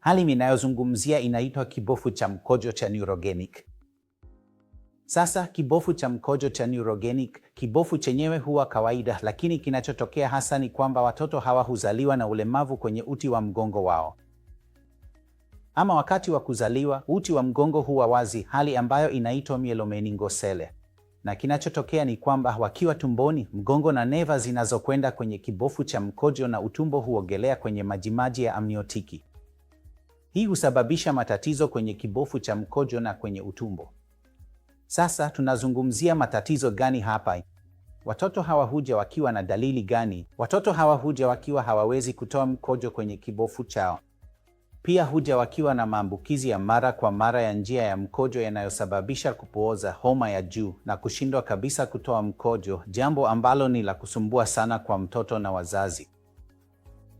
Hali ninayozungumzia inaitwa kibofu cha mkojo cha neurogenic. Sasa kibofu cha mkojo cha neurogenic, kibofu chenyewe huwa kawaida, lakini kinachotokea hasa ni kwamba watoto hawa huzaliwa na ulemavu kwenye uti wa mgongo wao. Ama wakati wa kuzaliwa, uti wa mgongo huwa wazi, hali ambayo inaitwa mielomeningosele. Na kinachotokea ni kwamba wakiwa tumboni, mgongo na neva zinazokwenda kwenye kibofu cha mkojo na utumbo huogelea kwenye majimaji ya amniotiki. Hii husababisha matatizo kwenye kibofu cha mkojo na kwenye utumbo. Sasa tunazungumzia matatizo gani hapa? Watoto hawa huja wakiwa na dalili gani? Watoto hawa huja wakiwa hawawezi kutoa mkojo kwenye kibofu chao. Pia huja wakiwa na maambukizi ya mara kwa mara ya njia ya mkojo yanayosababisha kupooza, homa ya juu na kushindwa kabisa kutoa mkojo, jambo ambalo ni la kusumbua sana kwa mtoto na wazazi.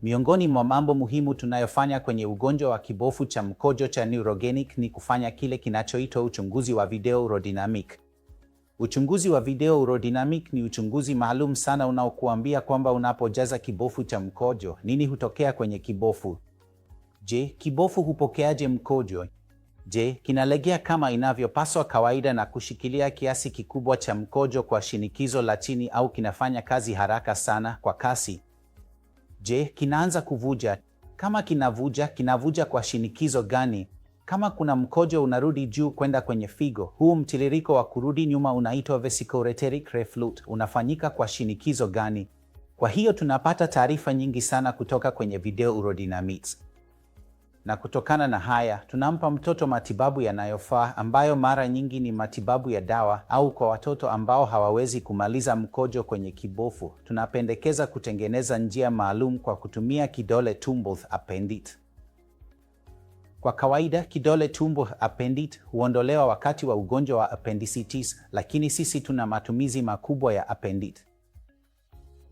Miongoni mwa mambo muhimu tunayofanya kwenye ugonjwa wa kibofu cha mkojo cha neurogenic ni kufanya kile kinachoitwa uchunguzi wa video urodynamic. Uchunguzi wa video urodynamic ni uchunguzi maalum sana unaokuambia kwamba unapojaza kibofu cha mkojo, nini hutokea kwenye kibofu? Je, kibofu hupokeaje mkojo? Je, kinalegea kama inavyopaswa kawaida na kushikilia kiasi kikubwa cha mkojo kwa shinikizo la chini au kinafanya kazi haraka sana kwa kasi? Je, kinaanza kuvuja? Kama kinavuja, kinavuja kwa shinikizo gani? Kama kuna mkojo unarudi juu kwenda kwenye figo, huu mtiririko wa kurudi nyuma unaitwa vesicoureteric reflux. Unafanyika kwa shinikizo gani? Kwa hiyo tunapata taarifa nyingi sana kutoka kwenye video urodynamics na kutokana na haya tunampa mtoto matibabu yanayofaa ambayo mara nyingi ni matibabu ya dawa, au kwa watoto ambao hawawezi kumaliza mkojo kwenye kibofu, tunapendekeza kutengeneza njia maalum kwa kutumia kidole tumbo appendix. Kwa kawaida kidole tumbo apendit huondolewa wakati wa ugonjwa wa appendicitis, lakini sisi tuna matumizi makubwa ya apendit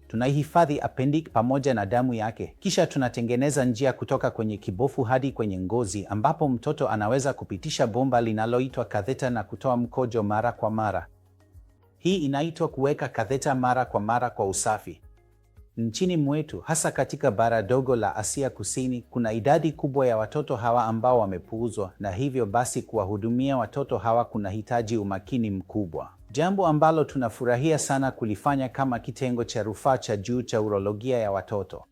Tunaihifadhi appendix pamoja na damu yake, kisha tunatengeneza njia kutoka kwenye kibofu hadi kwenye ngozi, ambapo mtoto anaweza kupitisha bomba linaloitwa katheta na kutoa mkojo mara kwa mara. Hii inaitwa kuweka katheta mara kwa mara kwa usafi. Nchini mwetu, hasa katika bara dogo la Asia Kusini, kuna idadi kubwa ya watoto hawa ambao wamepuuzwa, na hivyo basi kuwahudumia watoto hawa kunahitaji umakini mkubwa jambo ambalo tunafurahia sana kulifanya kama kitengo cha rufaa cha juu cha urologia ya watoto.